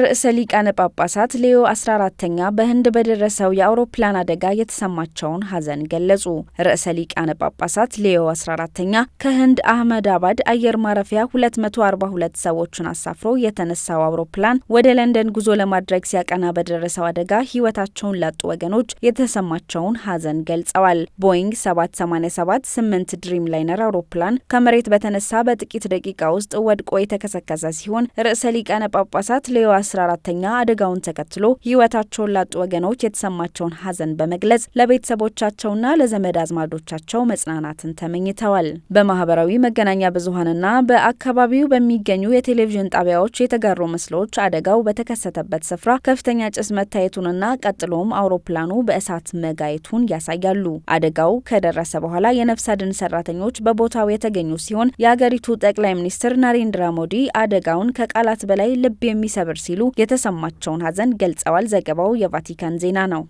ርዕሰ ሊቃነ ጳጳሳት ሌዮ 14ተኛ በህንድ በደረሰው የአውሮፕላን አደጋ የተሰማቸውን ሐዘን ገለጹ። ርዕሰ ሊቃነ ጳጳሳት ሌዮ 14ተኛ ከህንድ አህመድ አባድ አየር ማረፊያ 242 ሰዎችን አሳፍሮ የተነሳው አውሮፕላን ወደ ለንደን ጉዞ ለማድረግ ሲያቀና በደረሰው አደጋ ህይወታቸውን ላጡ ወገኖች የተሰማቸውን ሐዘን ገልጸዋል። ቦይንግ 787 8 ድሪም ላይነር አውሮፕላን ከመሬት በተነሳ በጥቂት ደቂቃ ውስጥ ወድቆ የተከሰከሰ ሲሆን ርዕሰ ሊቃነ ጳጳሳት ሌዮ 14ኛ አደጋውን ተከትሎ ሕይወታቸውን ላጡ ወገኖች የተሰማቸውን ሀዘን በመግለጽ ለቤተሰቦቻቸውና ለዘመድ አዝማዶቻቸው መጽናናትን ተመኝተዋል። በማህበራዊ መገናኛ ብዙኃንና በአካባቢው በሚገኙ የቴሌቪዥን ጣቢያዎች የተጋሩ ምስሎች አደጋው በተከሰተበት ስፍራ ከፍተኛ ጭስ መታየቱንና ቀጥሎም አውሮፕላኑ በእሳት መጋየቱን ያሳያሉ። አደጋው ከደረሰ በኋላ የነፍስ አድን ሰራተኞች በቦታው የተገኙ ሲሆን የአገሪቱ ጠቅላይ ሚኒስትር ናሬንድራ ሞዲ አደጋውን ከቃላት በላይ ልብ የሚሰብር ሲሉ የተሰማቸውን ሀዘን ገልጸዋል። ዘገባው የቫቲካን ዜና ነው።